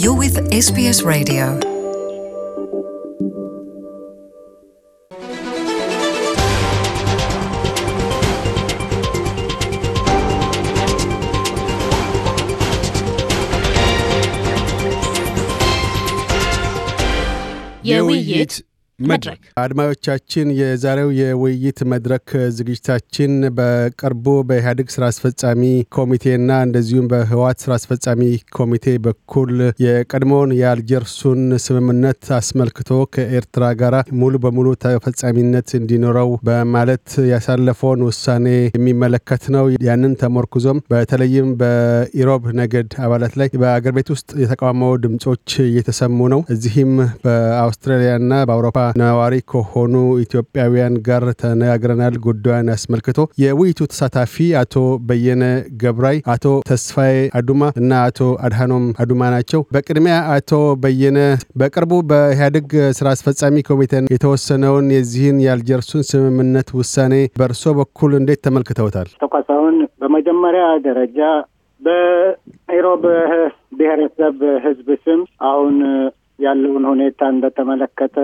You're with SBS Radio. we hit. መድረክ አድማጮቻችን፣ የዛሬው የውይይት መድረክ ዝግጅታችን በቅርቡ በኢህአዴግ ስራ አስፈጻሚ ኮሚቴና እንደዚሁም በህወሓት ስራ አስፈጻሚ ኮሚቴ በኩል የቀድሞውን የአልጀርሱን ስምምነት አስመልክቶ ከኤርትራ ጋር ሙሉ በሙሉ ተፈጻሚነት እንዲኖረው በማለት ያሳለፈውን ውሳኔ የሚመለከት ነው። ያንን ተመርኩዞም በተለይም በኢሮብ ነገድ አባላት ላይ በአገር ቤት ውስጥ የተቃውሞ ድምጾች እየተሰሙ ነው። እዚህም በአውስትራሊያና በአውሮፓ ነዋሪ ከሆኑ ኢትዮጵያውያን ጋር ተነጋግረናል። ጉዳዩን አስመልክቶ የውይይቱ ተሳታፊ አቶ በየነ ገብራይ፣ አቶ ተስፋዬ አዱማ እና አቶ አድሃኖም አዱማ ናቸው። በቅድሚያ አቶ በየነ በቅርቡ በኢህአዴግ ስራ አስፈጻሚ ኮሚቴ የተወሰነውን የዚህን የአልጀርሱን ስምምነት ውሳኔ በእርሶ በኩል እንዴት ተመልክተውታል? ተቋሳሁን በመጀመሪያ ደረጃ በኢሮብ ብሔረሰብ ህዝብ ስም አሁን ያለውን ሁኔታ እንደተመለከተ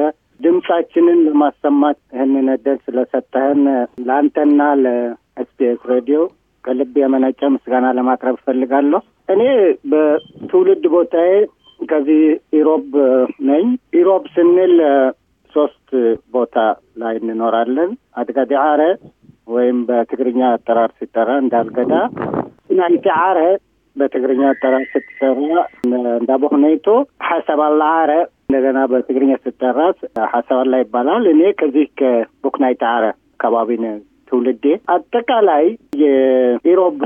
ድምጻችንን ለማሰማት ይህንን ዕድል ስለሰጠህን ለአንተና ለኤስቢኤስ ሬዲዮ ከልብ የመነጨ ምስጋና ለማቅረብ እፈልጋለሁ። እኔ በትውልድ ቦታዬ ከዚህ ኢሮብ ነኝ። ኢሮብ ስንል ሶስት ቦታ ላይ እንኖራለን። አድጋዲዓረ ወይም በትግርኛ አጠራር ሲጠራ እንዳልገዳ ናይቲዓረ በትግርኛ አጠራር ስትሰራ እንዳቦሁነይቶ ሓሰብ አላዓረ እንደገና በትግርኛ ስጠራስ ሀሳላ ይባላል። እኔ ከዚህ ከቡክናይ ተዓረ አካባቢ ትውልዴ። አጠቃላይ የኢሮብ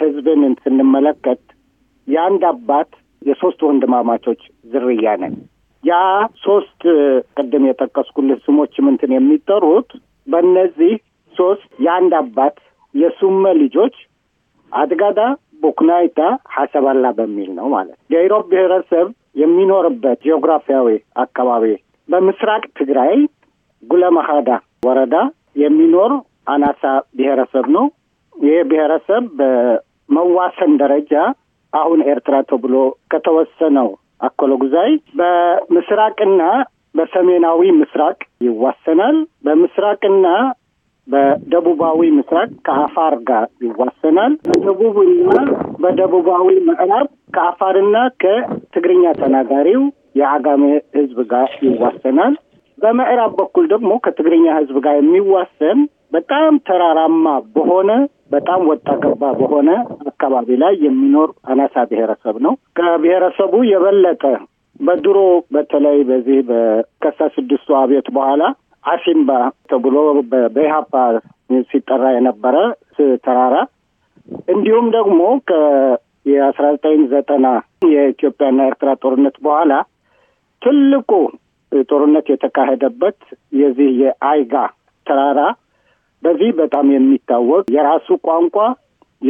ህዝብን ስንመለከት የአንድ አባት የሶስት ወንድማማቾች ዝርያ ነን። ያ ሶስት ቅድም የጠቀስኩልህ ስሞች ምንትን የሚጠሩት በእነዚህ ሶስት የአንድ አባት የሱመ ልጆች አድጋዳ ቡክናይታ ሀሰባላ በሚል ነው ማለት ነው። የኢሮብ ብሔረሰብ የሚኖርበት ጂኦግራፊያዊ አካባቢ በምስራቅ ትግራይ ጉለመሃዳ ወረዳ የሚኖር አናሳ ብሔረሰብ ነው። ይሄ ብሔረሰብ በመዋሰን ደረጃ አሁን ኤርትራ ተብሎ ከተወሰነው አኮሎ ጉዛይ በምስራቅና በሰሜናዊ ምስራቅ ይዋሰናል። በምስራቅና በደቡባዊ ምስራቅ ከአፋር ጋር ይዋሰናል። በደቡብና በደቡባዊ ምዕራብ ከአፋርና ከትግርኛ ተናጋሪው የአጋሜ ህዝብ ጋር ይዋሰናል። በምዕራብ በኩል ደግሞ ከትግርኛ ህዝብ ጋር የሚዋሰን በጣም ተራራማ በሆነ በጣም ወጣ ገባ በሆነ አካባቢ ላይ የሚኖር አናሳ ብሔረሰብ ነው። ከብሔረሰቡ የበለጠ በድሮ በተለይ በዚህ በከሳ ስድስቱ አብዮት በኋላ አሲምባ ተብሎ በኢሀፓ ሲጠራ የነበረ ተራራ እንዲሁም ደግሞ የአስራ ዘጠኝ ዘጠና የኢትዮጵያና ኤርትራ ጦርነት በኋላ ትልቁ ጦርነት የተካሄደበት የዚህ የአይጋ ተራራ በዚህ በጣም የሚታወቅ የራሱ ቋንቋ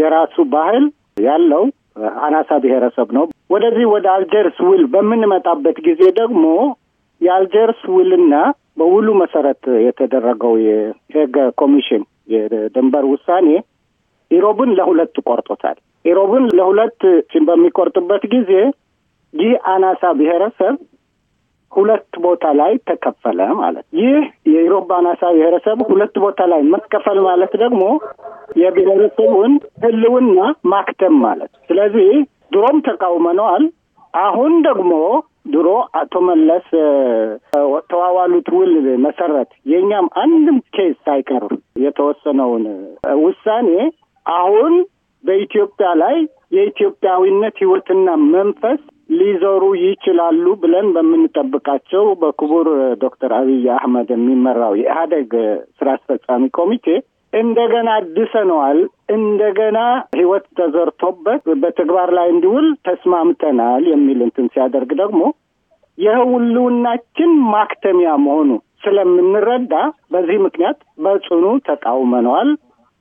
የራሱ ባህል ያለው አናሳ ብሔረሰብ ነው። ወደዚህ ወደ አልጀርስ ውል በምንመጣበት ጊዜ ደግሞ የአልጀርስ ውልና በውሉ መሰረት የተደረገው የሄግ ኮሚሽን የድንበር ውሳኔ ኢሮብን ለሁለት ቆርጦታል። ኢሮብን ለሁለት በሚቆርጥበት ጊዜ ይህ አናሳ ብሔረሰብ ሁለት ቦታ ላይ ተከፈለ ማለት ይህ የኢሮብ አናሳ ብሔረሰብ ሁለት ቦታ ላይ መከፈል ማለት ደግሞ የብሔረሰቡን ህልውና ማክተም ማለት ስለዚህ ድሮም ተቃውመነዋል። አሁን ደግሞ ድሮ አቶ መለስ ተዋዋሉት ውል መሰረት የእኛም አንድም ኬስ ሳይቀር የተወሰነውን ውሳኔ አሁን በኢትዮጵያ ላይ የኢትዮጵያዊነት ህይወትና መንፈስ ሊዞሩ ይችላሉ ብለን በምንጠብቃቸው በክቡር ዶክተር አብይ አህመድ የሚመራው የኢህአደግ ስራ አስፈጻሚ ኮሚቴ እንደገና አድሰነዋል። እንደገና ህይወት ተዘርቶበት በተግባር ላይ እንዲውል ተስማምተናል የሚል እንትን ሲያደርግ ደግሞ የህልውናችን ማክተሚያ መሆኑ ስለምንረዳ በዚህ ምክንያት በጽኑ ተቃውመነዋል።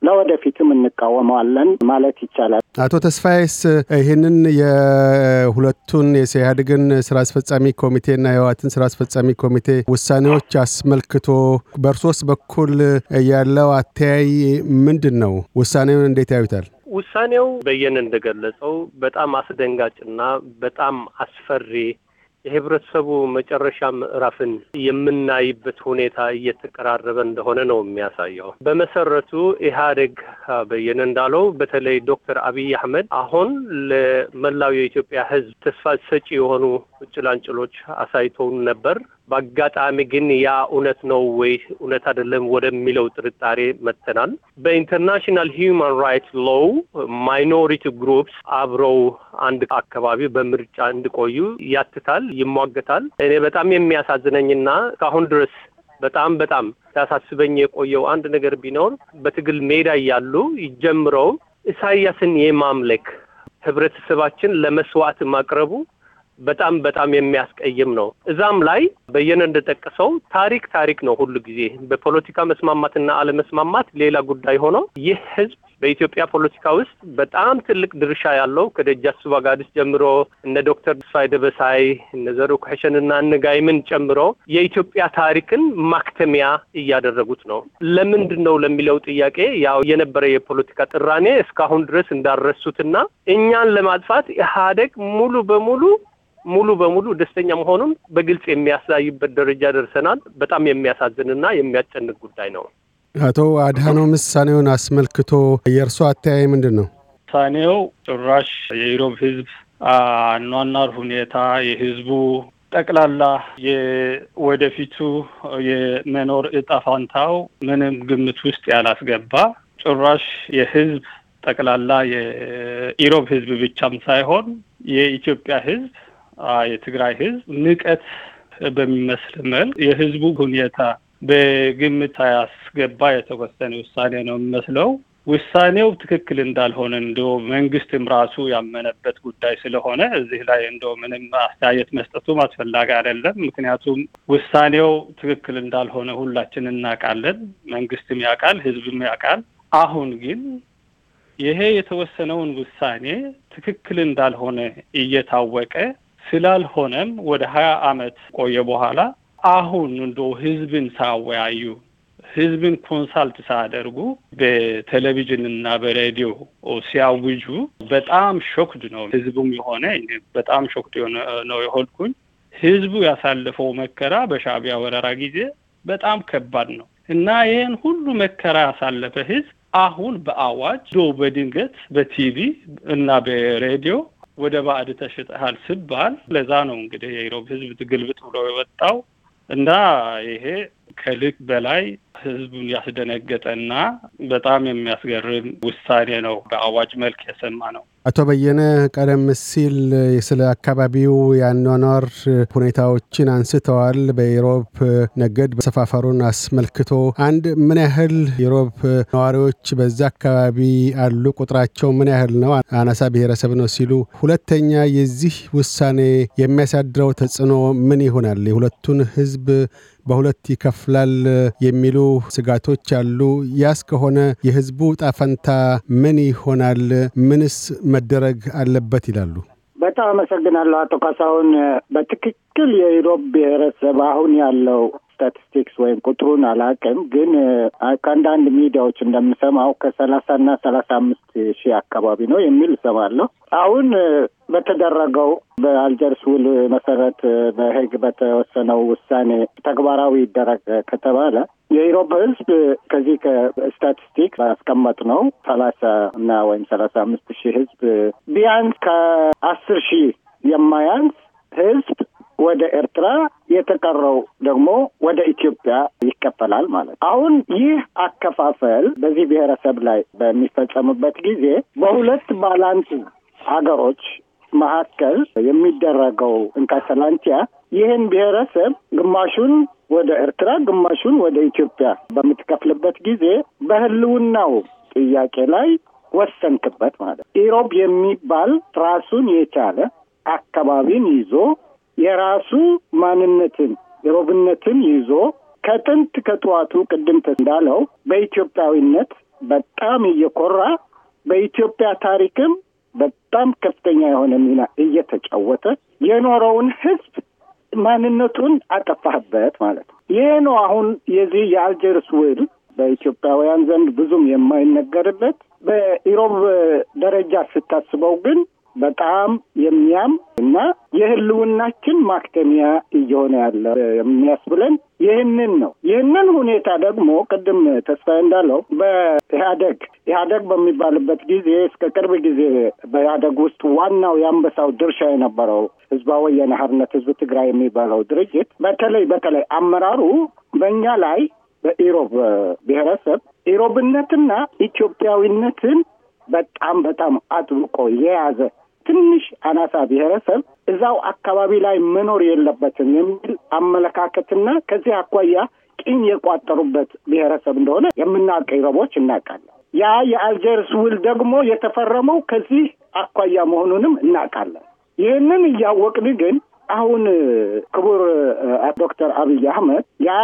ለወደፊትም እንቃወመዋለን ማለት ይቻላል። አቶ ተስፋዬስ ይህንን የሁለቱን የኢህአዴግን ስራ አስፈጻሚ ኮሚቴና የህወሓትን ስራ አስፈጻሚ ኮሚቴ ውሳኔዎች አስመልክቶ በእርሶስ በኩል ያለው አተያይ ምንድን ነው? ውሳኔውን እንዴት ያዩታል? ውሳኔው በየነ እንደገለጸው በጣም አስደንጋጭና በጣም አስፈሪ የህብረተሰቡ መጨረሻ ምዕራፍን የምናይበት ሁኔታ እየተቀራረበ እንደሆነ ነው የሚያሳየው። በመሰረቱ ኢህአዴግ በየነ እንዳለው በተለይ ዶክተር አብይ አህመድ አሁን ለመላው የኢትዮጵያ ህዝብ ተስፋ ሰጪ የሆኑ ጭላንጭሎች አሳይተውን ነበር። በአጋጣሚ ግን ያ እውነት ነው ወይ እውነት አይደለም ወደሚለው ጥርጣሬ መጥተናል። በኢንተርናሽናል ሂውማን ራይት ሎው ማይኖሪቲ ግሩፕስ አብረው አንድ አካባቢ በምርጫ እንዲቆዩ ያትታል። ይሟገታል። እኔ በጣም የሚያሳዝነኝና ከአሁን ድረስ በጣም በጣም ሲያሳስበኝ የቆየው አንድ ነገር ቢኖር በትግል ሜዳ እያሉ ይጀምረው ኢሳያስን የማምለክ ህብረተሰባችን ለመስዋዕት ማቅረቡ በጣም በጣም የሚያስቀይም ነው። እዛም ላይ በየነ እንደጠቀሰው ታሪክ ታሪክ ነው። ሁሉ ጊዜ በፖለቲካ መስማማትና አለመስማማት ሌላ ጉዳይ ሆኖ ይህ ህዝብ በኢትዮጵያ ፖለቲካ ውስጥ በጣም ትልቅ ድርሻ ያለው ከደጃች ሱባጋዲስ ጀምሮ እነ ዶክተር ተስፋዬ ደበሳይ እነ ዘሩ ኩሕሸንና እንጋይምን ጨምሮ የኢትዮጵያ ታሪክን ማክተሚያ እያደረጉት ነው። ለምንድን ነው ለሚለው ጥያቄ ያው የነበረ የፖለቲካ ጥራኔ እስካሁን ድረስ እንዳረሱትና እኛን ለማጥፋት ኢህአዴግ ሙሉ በሙሉ ሙሉ በሙሉ ደስተኛ መሆኑን በግልጽ የሚያሳይበት ደረጃ ደርሰናል። በጣም የሚያሳዝንና የሚያስጨንቅ ጉዳይ ነው። አቶ አድሃኖም ውሳኔውን አስመልክቶ የእርሶ አተያይ ምንድን ነው? ውሳኔው ጭራሽ የኢሮብ ህዝብ አኗኗር ሁኔታ የህዝቡ ጠቅላላ የወደፊቱ የመኖር እጣ ፋንታው ምንም ግምት ውስጥ ያላስገባ ጭራሽ የህዝብ ጠቅላላ የኢሮብ ህዝብ ብቻም ሳይሆን የኢትዮጵያ ህዝብ የትግራይ ህዝብ ንቀት በሚመስል መልክ የህዝቡ ሁኔታ በግምት ያስገባ የተወሰነ ውሳኔ ነው የሚመስለው። ውሳኔው ትክክል እንዳልሆነ እንደ መንግስትም ራሱ ያመነበት ጉዳይ ስለሆነ እዚህ ላይ እንደ ምንም አስተያየት መስጠቱም አስፈላጊ አይደለም። ምክንያቱም ውሳኔው ትክክል እንዳልሆነ ሁላችን እናውቃለን። መንግስትም ያውቃል፣ ህዝብም ያውቃል። አሁን ግን ይሄ የተወሰነውን ውሳኔ ትክክል እንዳልሆነ እየታወቀ ስላልሆነም ወደ ሀያ አመት ቆየ በኋላ አሁን እንዶ ህዝብን ሳወያዩ ህዝብን ኮንሳልት ሳያደርጉ በቴሌቪዥንና በሬዲዮ ሲያውጁ በጣም ሾክድ ነው ህዝቡም የሆነ በጣም ሾክድ ነው የሆንኩኝ። ህዝቡ ያሳለፈው መከራ በሻቢያ ወረራ ጊዜ በጣም ከባድ ነው እና ይህን ሁሉ መከራ ያሳለፈ ህዝብ አሁን በአዋጅ ዶ በድንገት በቲቪ እና በሬዲዮ ወደ ባዕድ ተሽጠሃል ስባል ለዛ ነው እንግዲህ የኢሮብ ህዝብ ግልብጥ ብሎ የወጣው እና ይሄ ከልክ በላይ ህዝቡን ያስደነገጠና በጣም የሚያስገርም ውሳኔ ነው። በአዋጅ መልክ የሰማ ነው። አቶ በየነ ቀደም ሲል ስለ አካባቢው የአኗኗር ሁኔታዎችን አንስተዋል። በኢሮብ ነገድ መሰፋፈሩን አስመልክቶ አንድ ምን ያህል የኢሮብ ነዋሪዎች በዛ አካባቢ አሉ? ቁጥራቸው ምን ያህል ነው? አናሳ ብሔረሰብ ነው ሲሉ፣ ሁለተኛ የዚህ ውሳኔ የሚያሳድረው ተጽዕኖ ምን ይሆናል? የሁለቱን ህዝብ በሁለት ይከፍላል የሚሉ ስጋቶች አሉ። ያስ ከሆነ የህዝቡ ጣፈንታ ምን ይሆናል? ምንስ መደረግ አለበት ይላሉ? በጣም አመሰግናለሁ አቶ ካሳሁን። በትክክል የኢሮብ ብሔረሰብ አሁን ያለው ስታቲስቲክስ ወይም ቁጥሩን አላውቅም፣ ግን ከአንዳንድ ሚዲያዎች እንደምሰማው እና ሰላሳ አምስት ሺህ አካባቢ ነው የሚል እሰማለሁ። አሁን በተደረገው በአልጀርስ ውል መሰረት በህግ በተወሰነው ውሳኔ ተግባራዊ ይደረግ ከተባለ የኢሮፓ ህዝብ ከዚህ ከስታቲስቲክ ማስቀመጥ ነው ሰላሳ እና ወይም ሰላሳ አምስት ሺህ ህዝብ ቢያንስ ከአስር ሺህ የማያንስ ህዝብ ወደ ኤርትራ፣ የተቀረው ደግሞ ወደ ኢትዮጵያ ይከፈላል ማለት ነው። አሁን ይህ አከፋፈል በዚህ ብሔረሰብ ላይ በሚፈጸምበት ጊዜ በሁለት ባላንስ ሀገሮች መካከል የሚደረገው እንካሰላንቲያ ይህን ብሔረሰብ ግማሹን ወደ ኤርትራ ግማሹን ወደ ኢትዮጵያ በምትከፍልበት ጊዜ በህልውናው ጥያቄ ላይ ወሰንክበት ማለት ኢሮብ የሚባል ራሱን የቻለ አካባቢን ይዞ የራሱ ማንነትን የሮብነትን ይዞ ከጥንት ከጠዋቱ ቅድም እንዳለው በኢትዮጵያዊነት በጣም እየኮራ በኢትዮጵያ ታሪክም በጣም ከፍተኛ የሆነ ሚና እየተጫወተ የኖረውን ህዝብ ማንነቱን አጠፋህበት ማለት ነው። ይህ ነው አሁን የዚህ የአልጀርስ ውል በኢትዮጵያውያን ዘንድ ብዙም የማይነገርበት በኢሮብ ደረጃ ስታስበው ግን በጣም የሚያም እና የህልውናችን ማክተሚያ እየሆነ ያለ የሚያስብለን ይህንን ነው። ይህንን ሁኔታ ደግሞ ቅድም ተስፋዬ እንዳለው በኢህአደግ ኢህአደግ በሚባልበት ጊዜ እስከ ቅርብ ጊዜ በኢህአደግ ውስጥ ዋናው የአንበሳው ድርሻ የነበረው ህዝባዊ ወያነ ሓርነት ህዝብ ትግራይ የሚባለው ድርጅት በተለይ በተለይ አመራሩ በእኛ ላይ በኢሮብ ብሔረሰብ ኢሮብነትና ኢትዮጵያዊነትን በጣም በጣም አጥብቆ የያዘ ትንሽ አናሳ ብሔረሰብ እዛው አካባቢ ላይ መኖር የለበትም የሚል አመለካከትና ከዚህ አኳያ ቂም የቋጠሩበት ብሔረሰብ እንደሆነ የምናውቅ ረቦች እናውቃለን። ያ የአልጀርስ ውል ደግሞ የተፈረመው ከዚህ አኳያ መሆኑንም እናውቃለን። ይህንን እያወቅን ግን አሁን ክቡር ዶክተር አብይ አህመድ ያ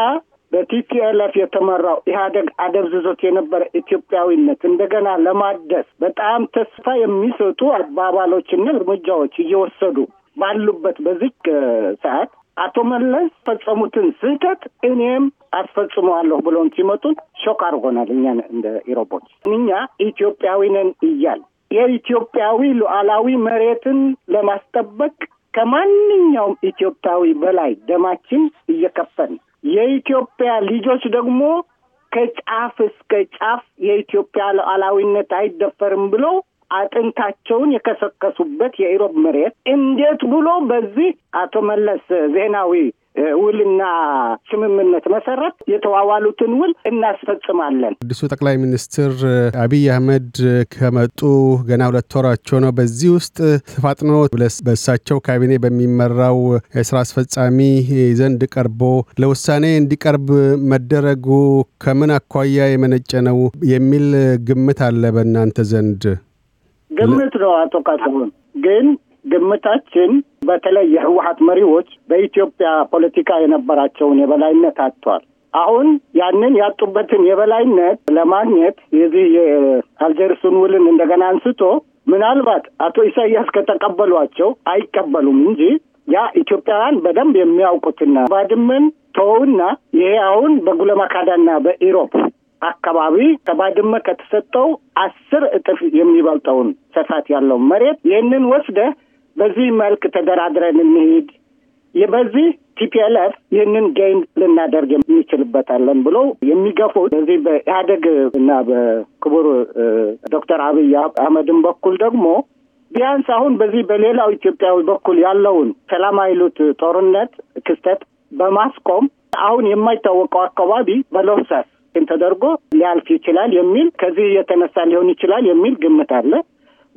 በቲፒኤልኤፍ የተመራው ኢህአደግ አደብዝዞት የነበረ ኢትዮጵያዊነት እንደገና ለማደስ በጣም ተስፋ የሚሰጡ አባባሎችና እርምጃዎች እየወሰዱ ባሉበት በዚህ ሰዓት አቶ መለስ ፈጸሙትን ስህተት እኔም አስፈጽመዋለሁ ብለውን ሲመጡን ሾክ አድርጎናል። እኛ እንደ ኢሮቦች እኛ ኢትዮጵያዊነን እያል የኢትዮጵያዊ ሉዓላዊ መሬትን ለማስጠበቅ ከማንኛውም ኢትዮጵያዊ በላይ ደማችን እየከፈን የኢትዮጵያ ልጆች ደግሞ ከጫፍ እስከ ጫፍ የኢትዮጵያ ሉዓላዊነት አይደፈርም ብሎ አጥንታቸውን የከሰከሱበት የኢሮብ መሬት እንዴት ብሎ በዚህ አቶ መለስ ዜናዊ ውልና ስምምነት መሰረት የተዋዋሉትን ውል እናስፈጽማለን። አዲሱ ጠቅላይ ሚኒስትር አብይ አህመድ ከመጡ ገና ሁለት ወራቸው ነው። በዚህ ውስጥ ተፋጥኖ በእሳቸው ካቢኔ በሚመራው የስራ አስፈጻሚ ዘንድ ቀርቦ ለውሳኔ እንዲቀርብ መደረጉ ከምን አኳያ የመነጨ ነው የሚል ግምት አለ በእናንተ ዘንድ? ግምት ነው አቶ ካሳሁን ግን ግምታችን በተለይ የህወሀት መሪዎች በኢትዮጵያ ፖለቲካ የነበራቸውን የበላይነት አጥቷል። አሁን ያንን ያጡበትን የበላይነት ለማግኘት የዚህ የአልጀርሱን ውልን እንደገና አንስቶ ምናልባት አቶ ኢሳያስ ከተቀበሏቸው አይቀበሉም እንጂ ያ ኢትዮጵያውያን በደንብ የሚያውቁትና ባድመን ተውና ይሄ አሁን በጉለማካዳና በኢሮፕ አካባቢ ከባድመ ከተሰጠው አስር እጥፍ የሚበልጠውን ስፋት ያለው መሬት ይህንን ወስደህ በዚህ መልክ ተደራድረን እንሄድ በዚህ ቲፒኤልኤፍ ይህንን ጌን ልናደርግ የሚችልበታለን ብሎ የሚገፉት በዚህ በኢህአደግ እና በክቡር ዶክተር አብይ አህመድን በኩል ደግሞ ቢያንስ አሁን በዚህ በሌላው ኢትዮጵያዊ በኩል ያለውን ሰላም አይሉት ጦርነት ክስተት በማስቆም አሁን የማይታወቀው አካባቢ በሎሰስ ተደርጎ ሊያልፍ ይችላል የሚል ከዚህ የተነሳ ሊሆን ይችላል የሚል ግምት አለ።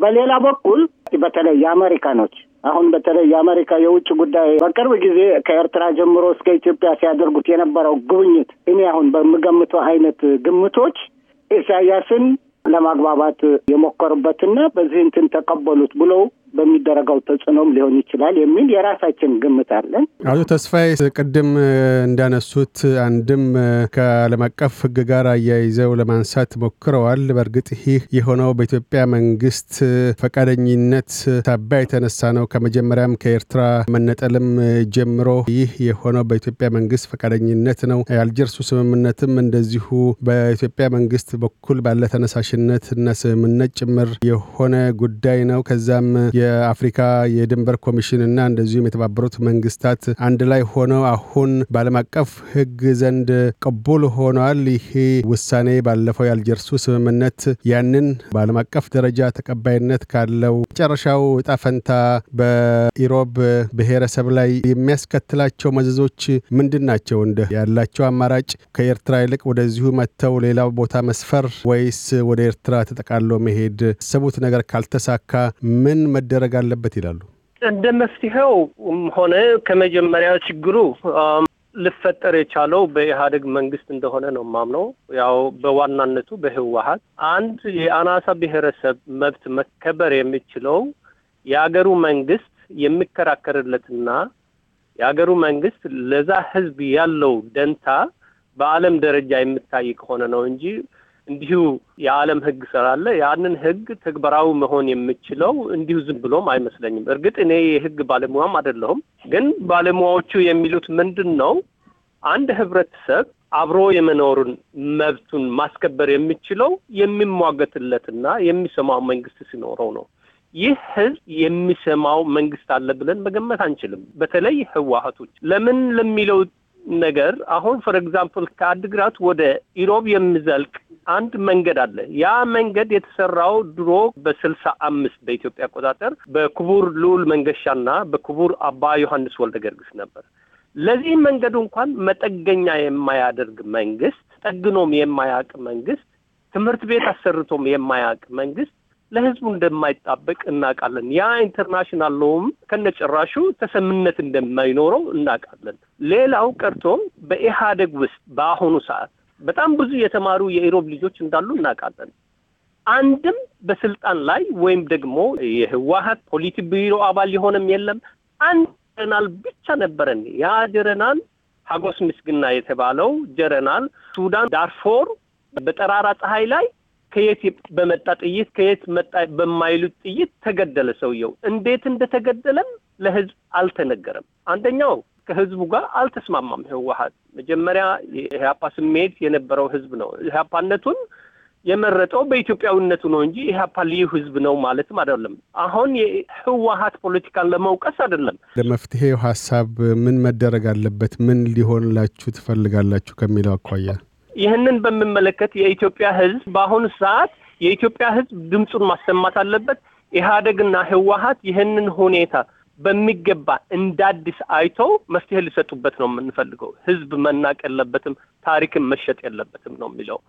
በሌላ በኩል በተለይ የአሜሪካኖች አሁን በተለይ የአሜሪካ የውጭ ጉዳይ በቅርብ ጊዜ ከኤርትራ ጀምሮ እስከ ኢትዮጵያ ሲያደርጉት የነበረው ጉብኝት እኔ አሁን በምገምተው አይነት ግምቶች ኢሳያስን ለማግባባት የሞከሩበትና በዚህ እንትን ተቀበሉት ብለው በሚደረገው ተጽዕኖም ሊሆን ይችላል የሚል የራሳችን ግምት አለን። አቶ ተስፋዬ ቅድም እንዳነሱት አንድም ከዓለም አቀፍ ሕግ ጋር አያይዘው ለማንሳት ሞክረዋል። በእርግጥ ይህ የሆነው በኢትዮጵያ መንግስት ፈቃደኝነት ሳቢያ የተነሳ ነው። ከመጀመሪያም ከኤርትራ መነጠልም ጀምሮ ይህ የሆነው በኢትዮጵያ መንግስት ፈቃደኝነት ነው። የአልጀርሱ ስምምነትም እንደዚሁ በኢትዮጵያ መንግስት በኩል ባለ ተነሳሽነት እና ስምምነት ጭምር የሆነ ጉዳይ ነው። ከዛም የአፍሪካ የድንበር ኮሚሽን እና እንደዚሁም የተባበሩት መንግስታት አንድ ላይ ሆነው አሁን በዓለም አቀፍ ህግ ዘንድ ቅቡል ሆኗል። ይህ ውሳኔ ባለፈው የአልጀርሱ ስምምነት ያንን በዓለም አቀፍ ደረጃ ተቀባይነት ካለው መጨረሻው እጣ ፈንታ በኢሮብ ብሔረሰብ ላይ የሚያስከትላቸው መዘዞች ምንድን ናቸው? እንደ ያላቸው አማራጭ ከኤርትራ ይልቅ ወደዚሁ መጥተው ሌላ ቦታ መስፈር ወይስ ወደ ኤርትራ ተጠቃሎ መሄድ? ያሰቡት ነገር ካልተሳካ ምን መደረግ አለበት ይላሉ? እንደ መፍትሄው ሆነ ከመጀመሪያ ችግሩ ልፈጠር የቻለው በኢህአዴግ መንግስት እንደሆነ ነው ማምነው። ያው በዋናነቱ በህወሀት አንድ የአናሳ ብሔረሰብ መብት መከበር የሚችለው የአገሩ መንግስት የሚከራከርለትና የአገሩ መንግስት ለዛ ህዝብ ያለው ደንታ በዓለም ደረጃ የሚታይ ከሆነ ነው እንጂ እንዲሁ የዓለም ሕግ ስላለ ያንን ሕግ ተግባራዊ መሆን የምችለው እንዲሁ ዝም ብሎም አይመስለኝም። እርግጥ እኔ የሕግ ባለሙያም አይደለሁም፣ ግን ባለሙያዎቹ የሚሉት ምንድን ነው? አንድ ህብረተሰብ አብሮ የመኖሩን መብቱን ማስከበር የሚችለው የሚሟገትለትና የሚሰማው መንግስት ሲኖረው ነው። ይህ ህዝብ የሚሰማው መንግስት አለ ብለን መገመት አንችልም። በተለይ ህወሀቶች ለምን ለሚለው ነገር አሁን ፎር ኤግዛምፕል ከአድግራት ወደ ኢሮብ የሚዘልቅ አንድ መንገድ አለ። ያ መንገድ የተሰራው ድሮ በስልሳ አምስት በኢትዮጵያ አቆጣጠር በክቡር ልዑል መንገሻና በክቡር አባ ዮሐንስ ወልደ ገርግስ ነበር። ለዚህ መንገዱ እንኳን መጠገኛ የማያደርግ መንግስት፣ ጠግኖም የማያውቅ መንግስት፣ ትምህርት ቤት አሰርቶም የማያውቅ መንግስት ለህዝቡ እንደማይጣበቅ እናውቃለን። ያ ኢንተርናሽናል ሎም ከነጭራሹ ተሰምነት እንደማይኖረው እናውቃለን። ሌላው ቀርቶ በኢህአደግ ውስጥ በአሁኑ ሰዓት በጣም ብዙ የተማሩ የኢሮብ ልጆች እንዳሉ እናውቃለን። አንድም በስልጣን ላይ ወይም ደግሞ የህወሀት ፖሊቲ ቢሮ አባል የሆነም የለም። አንድ ጀረናል ብቻ ነበረን። ያ ጀረናል ሀጎስ ምስግና የተባለው ጀረናል ሱዳን ዳርፎር በጠራራ ፀሐይ ላይ ከየት በመጣ ጥይት ከየት መጣ በማይሉት ጥይት ተገደለ። ሰውየው እንዴት እንደተገደለም ለህዝብ አልተነገረም። አንደኛው ከህዝቡ ጋር አልተስማማም። ህወሀት መጀመሪያ የኢህአፓ ስሜት የነበረው ህዝብ ነው። ኢህአፓነቱን የመረጠው በኢትዮጵያዊነቱ ነው እንጂ ኢህአፓ ልዩ ህዝብ ነው ማለትም አይደለም። አሁን የህወሀት ፖለቲካን ለመውቀስ አይደለም። ለመፍትሄው ሀሳብ ምን መደረግ አለበት? ምን ሊሆንላችሁ ትፈልጋላችሁ ከሚለው አኳያ ይህንን በሚመለከት የኢትዮጵያ ህዝብ በአሁኑ ሰዓት የኢትዮጵያ ህዝብ ድምፁን ማሰማት አለበት። ኢህአደግና ህወሀት ይህንን ሁኔታ በሚገባ እንደ አዲስ አይተው መፍትሄ ሊሰጡበት ነው የምንፈልገው። ህዝብ መናቅ የለበትም፣ ታሪክም መሸጥ የለበትም ነው የሚለው።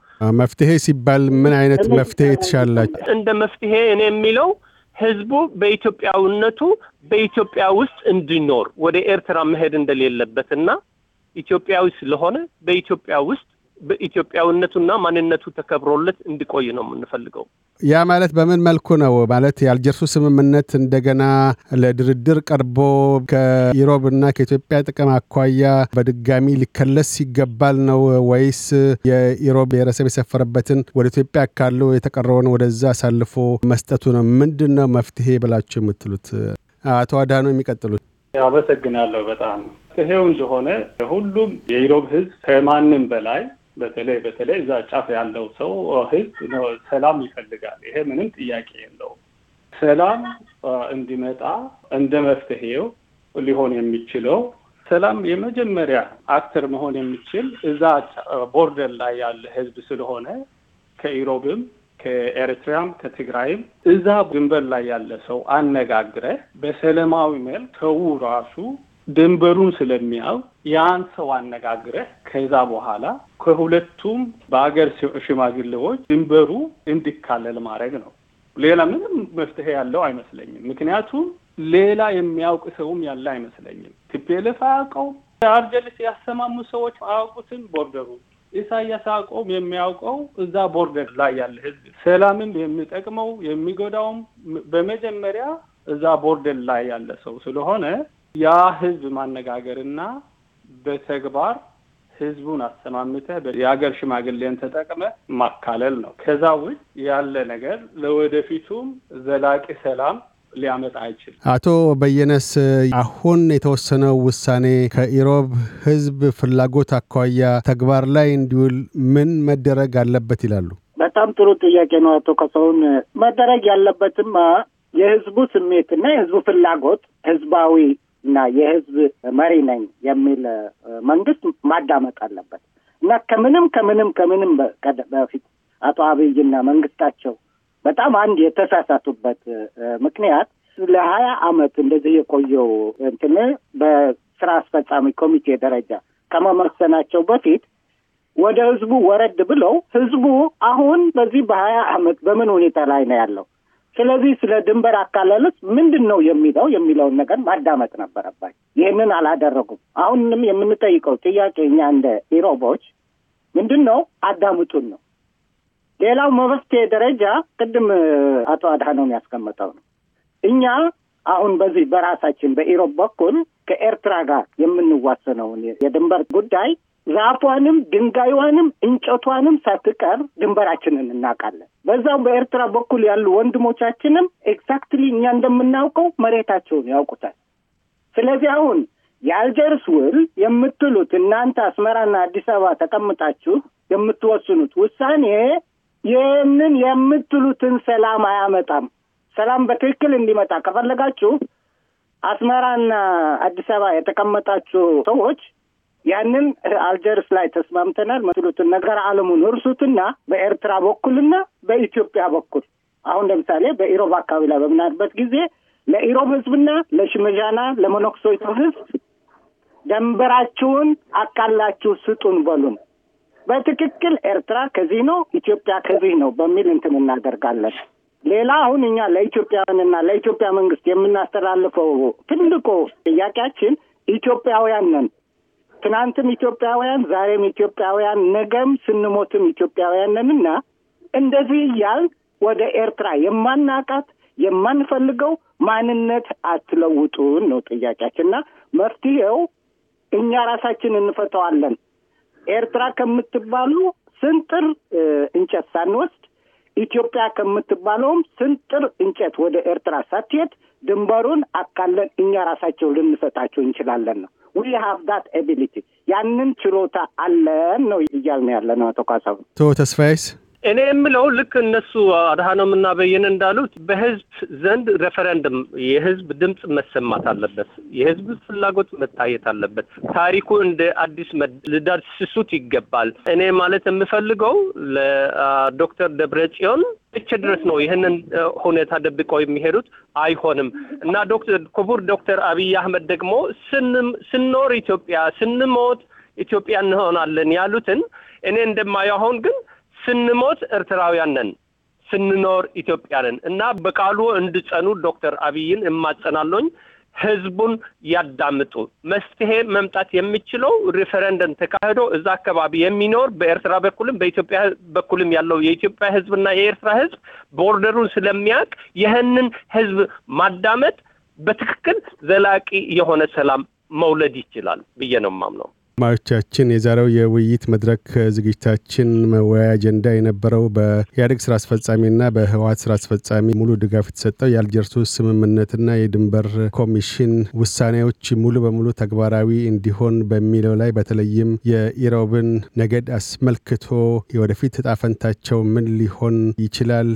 መፍትሄ ሲባል ምን አይነት መፍትሄ የተሻላቸው? እንደ መፍትሄ እኔ የሚለው ህዝቡ በኢትዮጵያዊነቱ በኢትዮጵያ ውስጥ እንዲኖር ወደ ኤርትራ መሄድ እንደሌለበትና ኢትዮጵያዊ ስለሆነ በኢትዮጵያ ውስጥ በኢትዮጵያዊነቱና ማንነቱ ተከብሮለት እንዲቆይ ነው የምንፈልገው። ያ ማለት በምን መልኩ ነው? ማለት የአልጀርሱ ስምምነት እንደገና ለድርድር ቀርቦ ከኢሮብ እና ከኢትዮጵያ ጥቅም አኳያ በድጋሚ ሊከለስ ይገባል ነው ወይስ የኢሮብ ብሔረሰብ የሰፈረበትን ወደ ኢትዮጵያ ካሉ የተቀረውን ወደዛ አሳልፎ መስጠቱ ነው? ምንድን ነው መፍትሄ ብላችሁ የምትሉት? አቶ አዳኖ የሚቀጥሉት። አመሰግናለሁ። በጣም ይሄው እንደሆነ ሁሉም የኢሮብ ህዝብ ከማንም በላይ በተለይ በተለይ እዛ ጫፍ ያለው ሰው ህዝብ ሰላም ይፈልጋል። ይሄ ምንም ጥያቄ የለውም። ሰላም እንዲመጣ እንደ መፍትሄው ሊሆን የሚችለው ሰላም የመጀመሪያ አክተር መሆን የሚችል እዛ ቦርደር ላይ ያለ ህዝብ ስለሆነ ከኢሮብም ከኤርትራም ከትግራይም እዛ ድንበር ላይ ያለ ሰው አነጋግረህ በሰላማዊ መልክ ሰው ራሱ ድንበሩን ስለሚያው ያን ሰው አነጋግረህ ከዛ በኋላ ከሁለቱም በሀገር ሽማግሌዎች ድንበሩ እንዲካለል ማድረግ ነው። ሌላ ምንም መፍትሄ ያለው አይመስለኝም። ምክንያቱም ሌላ የሚያውቅ ሰውም ያለ አይመስለኝም። ቲፒኤልኤፍ አያውቀውም። አርጀልስ ያሰማሙ ሰዎች አያውቁትም። ቦርደሩ ኢሳያስ አቆም የሚያውቀው እዛ ቦርደር ላይ ያለ ህዝብ ሰላምን የሚጠቅመው የሚጎዳውም በመጀመሪያ እዛ ቦርደር ላይ ያለ ሰው ስለሆነ ያ ህዝብ ማነጋገርና በተግባር ህዝቡን አሰማምተ የሀገር ሽማግሌን ተጠቅመ ማካለል ነው። ከዛ ውጭ ያለ ነገር ለወደፊቱም ዘላቂ ሰላም ሊያመጣ አይችልም። አቶ በየነስ አሁን የተወሰነው ውሳኔ ከኢሮብ ህዝብ ፍላጎት አኳያ ተግባር ላይ እንዲውል ምን መደረግ አለበት ይላሉ? በጣም ጥሩ ጥያቄ ነው አቶ ከሰውን መደረግ ያለበትም የህዝቡ ስሜትና የህዝቡ ፍላጎት ህዝባዊ እና የህዝብ መሪ ነኝ የሚል መንግስት ማዳመጥ አለበት እና ከምንም ከምንም ከምንም በፊት አቶ አብይና መንግስታቸው በጣም አንድ የተሳሳቱበት ምክንያት ለሀያ አመት እንደዚህ የቆየው እንትን በስራ አስፈጻሚ ኮሚቴ ደረጃ ከመመሰናቸው በፊት ወደ ህዝቡ ወረድ ብለው ህዝቡ አሁን በዚህ በሀያ አመት በምን ሁኔታ ላይ ነው ያለው ስለዚህ ስለ ድንበር አካላለስ ምንድን ነው የሚለው የሚለውን ነገር ማዳመጥ ነበረባቸው። ይህንን አላደረጉም። አሁንም የምንጠይቀው ጥያቄ እኛ እንደ ኢሮቦች ምንድን ነው አዳምጡን ነው። ሌላው መፍትሄ ደረጃ ቅድም አቶ አድሃኖም ያስቀመጠው ነው። እኛ አሁን በዚህ በራሳችን በኢሮብ በኩል ከኤርትራ ጋር የምንዋሰነውን የድንበር ጉዳይ ዛፏንም ድንጋይዋንም እንጨቷንም ሳትቀር ድንበራችንን እናውቃለን። በዛም በኤርትራ በኩል ያሉ ወንድሞቻችንም ኤግዛክትሊ እኛ እንደምናውቀው መሬታቸውን ያውቁታል። ስለዚህ አሁን የአልጀርስ ውል የምትሉት እናንተ አስመራና አዲስ አበባ ተቀምጣችሁ የምትወስኑት ውሳኔ ይህንን የምትሉትን ሰላም አያመጣም። ሰላም በትክክል እንዲመጣ ከፈለጋችሁ አስመራና አዲስ አበባ የተቀመጣችሁ ሰዎች ያንን አልጀርስ ላይ ተስማምተናል መስሉትን ነገር አለሙን እርሱትና በኤርትራ በኩልና በኢትዮጵያ በኩል አሁን ለምሳሌ በኢሮብ አካባቢ ላይ በምናድበት ጊዜ ለኢሮብ ህዝብና ለሽመዣና ለመነኩሴቱ ህዝብ ደንበራችሁን አካላችሁ ስጡን በሉን። በትክክል ኤርትራ ከዚህ ነው፣ ኢትዮጵያ ከዚህ ነው በሚል እንትን እናደርጋለን። ሌላ አሁን እኛ ለኢትዮጵያውያንና ለኢትዮጵያ መንግስት የምናስተላልፈው ትልቁ ጥያቄያችን ኢትዮጵያውያን ነን ትናንትም ኢትዮጵያውያን፣ ዛሬም ኢትዮጵያውያን፣ ነገም ስንሞትም ኢትዮጵያውያን ነንና እንደዚህ እያል ወደ ኤርትራ የማናቃት የማንፈልገው ማንነት አትለውጡን ነው ጥያቄያችንና መፍትሄው እኛ ራሳችን እንፈተዋለን። ኤርትራ ከምትባሉ ስንጥር እንጨት ሳንወስድ ኢትዮጵያ ከምትባለውም ስንጥር እንጨት ወደ ኤርትራ ሳትሄድ ድንበሩን አካለን እኛ ራሳቸው ልንፈታቸው እንችላለን ነው። ዊ ሀቭ ዳት ኤቢሊቲ ያንን ችሎታ አለን ነው እያልን ያለ ነው። አቶ ካሳሁን ቶ ተስፋዬስ እኔ የምለው ልክ እነሱ አድሃኖም እና በየነ እንዳሉት በህዝብ ዘንድ ሬፈረንደም የህዝብ ድምፅ መሰማት አለበት። የህዝብ ፍላጎት መታየት አለበት። ታሪኩ እንደ አዲስ ልዳስሱት ይገባል። እኔ ማለት የምፈልገው ለዶክተር ደብረ ጽዮን እች ድረስ ነው ይህንን ሁኔታ ደብቀው የሚሄዱት አይሆንም እና ዶክተር ክቡር ዶክተር አብይ አህመድ ደግሞ ስንኖር ኢትዮጵያ ስንሞት ኢትዮጵያ እንሆናለን ያሉትን እኔ እንደማየው አሁን ግን ስንሞት ኤርትራውያን ነን፣ ስንኖር ኢትዮጵያ ነን እና በቃሉ እንድጸኑ ዶክተር አብይን እማጸናለኝ። ህዝቡን ያዳምጡ። መፍትሄ መምጣት የሚችለው ሪፈረንደም ተካሂዶ እዛ አካባቢ የሚኖር በኤርትራ በኩልም በኢትዮጵያ በኩልም ያለው የኢትዮጵያ ህዝብና የኤርትራ ህዝብ ቦርደሩን ስለሚያውቅ ይህንን ህዝብ ማዳመጥ በትክክል ዘላቂ የሆነ ሰላም መውለድ ይችላል ብዬ ነው ማምነው አድማጮቻችን የዛሬው የውይይት መድረክ ዝግጅታችን መወያ አጀንዳ የነበረው በኢህአዴግ ስራ አስፈጻሚና በህወሀት ስራ አስፈጻሚ ሙሉ ድጋፍ የተሰጠው የአልጀርሱ ስምምነትና የድንበር ኮሚሽን ውሳኔዎች ሙሉ በሙሉ ተግባራዊ እንዲሆን በሚለው ላይ በተለይም የኢሮብን ነገድ አስመልክቶ የወደፊት እጣ ምን ሊሆን ይችላል፣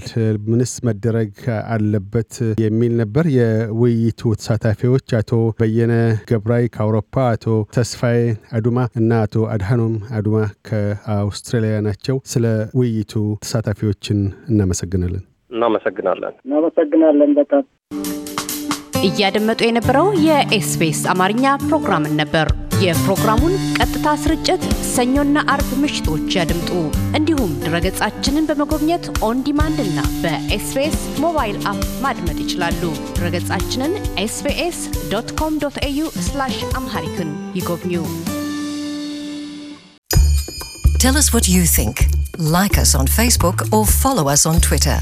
ምንስ መደረግ አለበት የሚል ነበር። የውይይቱ ተሳታፊዎች አቶ በየነ ገብራይ ከአውሮፓ፣ አቶ ተስፋዬ አዱ ግርማ እና አቶ አድሃኖም አዱማ ከአውስትራሊያ ናቸው። ስለ ውይይቱ ተሳታፊዎችን እናመሰግናለን። እናመሰግናለን። እናመሰግናለን በጣም እያደመጡ የነበረው የኤስቢኤስ አማርኛ ፕሮግራምን ነበር። የፕሮግራሙን ቀጥታ ስርጭት ሰኞና አርብ ምሽቶች ያድምጡ። እንዲሁም ድረገጻችንን በመጎብኘት ኦን ዲማንድ እና በኤስቢኤስ ሞባይል አፕ ማድመጥ ይችላሉ። ድረገጻችንን ኤስቢኤስ ዶት ኮም ዶት ኤዩ አምሃሪክን ይጎብኙ። Tell us what you think. Like us on Facebook or follow us on Twitter.